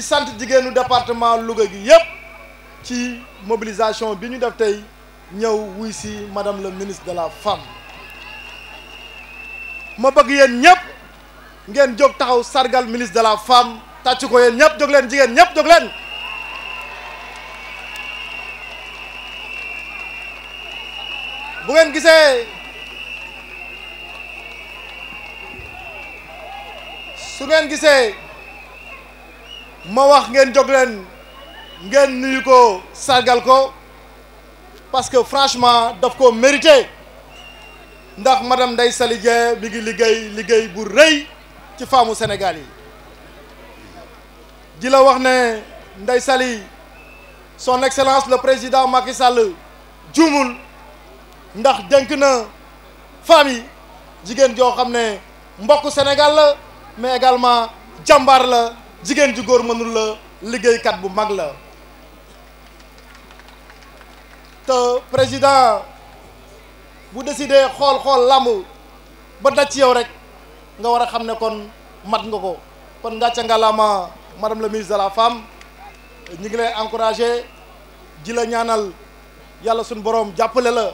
di sant département Louga gi yep ci mobilisation bi def tay wuy si madame le ministre de la femme ma bëgg yeen ñep ngeen jog taxaw sargal ministre de la femme ko yeen ñep jog leen ñep jog leen bu ngeen su ngeen ma wax ngeen jóg ngeen nuyu ko sargal ko parce que franchement daf ko mérité ndax madame Ndeye Saly Dieng mi ngi liggéey liggéey bu rëy ci faamu Sénégal yi di la wax ne Ndeye Saly son excellence le président Macky Sall juumul ndax dénk na femmes yi jigéen joo xam ne mbokk Sénégal la mais également jàmbaar la jigéen ju góor mënul la liggéeykat bu mag la te président bu décidé xool-xool làmb ba daj ci yow rek nga war a xam ne kon mat nga ko kon ngàcca nga laama madame la ministre de la femme ñi ngi lay encouragé ji la ñaanal yàlla suñu borom jàppale la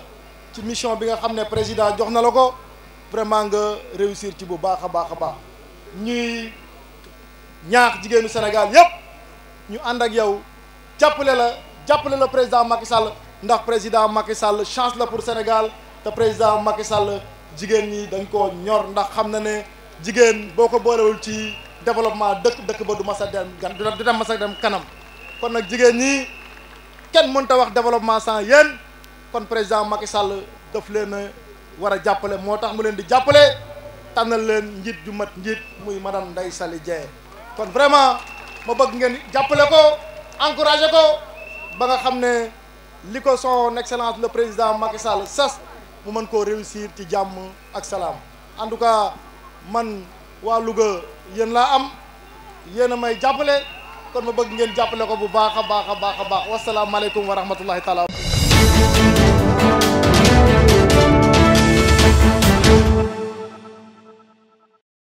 ci mission bi nga xam ne président jox na la ko vraiment nga réussir ci bu baax a baax a baax ñuy ñaax jigéenu Sénégal yépp ñu ànd ak yow jàppale la jàppale la président Macky Sall ndax président Macky Sall chance la pour Sénégal te président Macky Sall jigéen ñi dañ ko ñor ndax xam na ne jigéen boo ko boolewul ci développement dëkk dëkk ba du mas a dem gan du dem ma a dem kanam kon nag jigéen ñi kenn mënta wax développement sans yéen kon président Macky Sall daf leen a war a jàppale moo tax mu leen di jàppale tànnal leen njiit ju mat njiit muy madame Ndeye Saly Dieng kon vraiment ma bëgg ngeen jàppale ko encouragé ko ba nga xam ne li ko son excellence le président Macky Sall sas mu mën koo réussir ci jàmm ak salaam en tout cas man waa Louga yéen laa am yéen a may jàppale kon ma bëgg ngeen jàppale ko bu baax a baax a baax a baax wasalaamaaleykum wa rahmatullahi taala